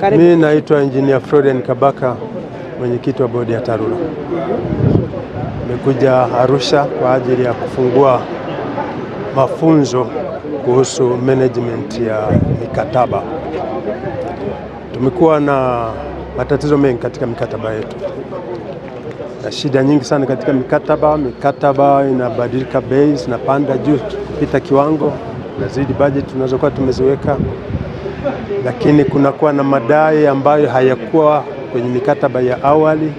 Karibu. Mimi naitwa Engineer florian Kabaka, mwenyekiti wa bodi ya TARURA. Nimekuja Arusha kwa ajili ya kufungua mafunzo kuhusu management ya mikataba. Tumekuwa na matatizo mengi katika mikataba yetu na shida nyingi sana katika mikataba. Mikataba inabadilika, bei zinapanda juu kupita kiwango, nazidi budget tunazokuwa tumeziweka lakini kunakuwa na madai ambayo hayakuwa kwenye mikataba ya awali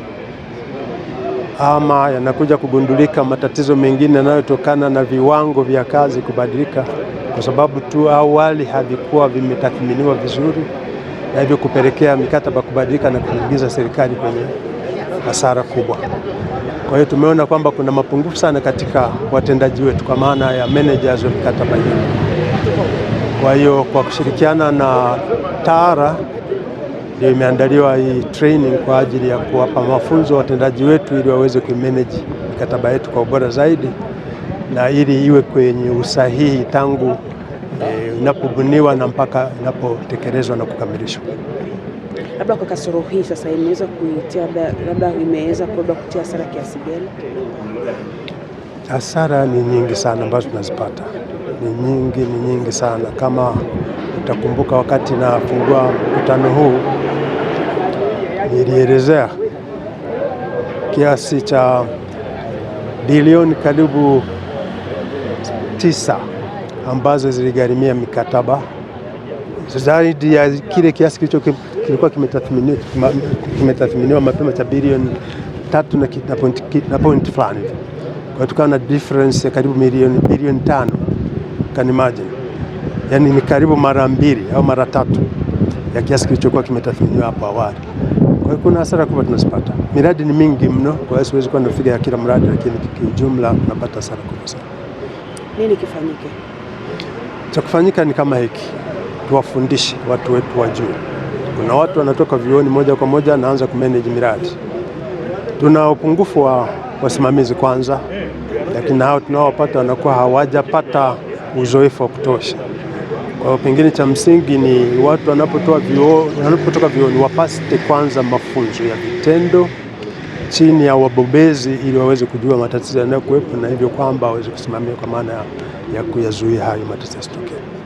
ama yanakuja kugundulika matatizo mengine yanayotokana na viwango vya kazi kubadilika kwa sababu tu awali havikuwa vimetathminiwa vizuri, na hivyo kupelekea mikataba kubadilika na kuingiza serikali kwenye hasara kubwa. Kwa hiyo tumeona kwamba kuna mapungufu sana katika watendaji wetu kwa maana ya managers wa mikataba hiyo. Kwa hiyo kwa kushirikiana na TARA ndio imeandaliwa hii training kwa ajili ya kuwapa mafunzo watendaji wetu ili waweze kuimanage mikataba yetu kwa ubora zaidi na ili iwe kwenye usahihi tangu eh, inapobuniwa e, na mpaka inapotekelezwa na kukamilishwa. Labda kwa kasoro hii sasa imeweza kuitia labda imeweza labda kutia hasara kiasi gani? Hasara ni nyingi sana ambazo tunazipata ni nyingi, ni nyingi sana. Kama utakumbuka, wakati nafungua mkutano huu nilielezea kiasi cha bilioni karibu tisa ambazo ziligharimia mikataba zaidi ya kile kiasi kilicho kilikuwa kimetathminiwa kimetathminiwa mapema cha bilioni tatu na, na point fulani. Kwa hiyo tukawa na difference ya karibu milioni bilioni tano can imagine. Yani ni karibu mara mbili au mara tatu ya kiasi kilichokuwa kimetathminiwa hapo awali. Kwa hiyo kuna hasara kubwa tunazipata. Miradi ni mingi mno, kwa hiyo siwezi kuwa nafiga ya kila mradi, lakini kiujumla unapata hasara kubwa sana. Nini kifanyike? Cha kufanyika ni kama hiki, tuwafundishe watu wetu wajue. Kuna watu wanatoka vioni moja kwa moja wanaanza kumanage miradi. Tuna upungufu wa wasimamizi kwanza, lakini hao tunaowapata wanakuwa hawajapata uzoefu wa kutosha. Kwa hiyo pengine cha msingi ni watu wanapotoka vioni wapate kwanza mafunzo ya vitendo chini ya wabobezi, ili waweze kujua matatizo yanayokuwepo na hivyo kwamba waweze kusimamia kwa maana ya kuyazuia hayo matatizo yasitokee.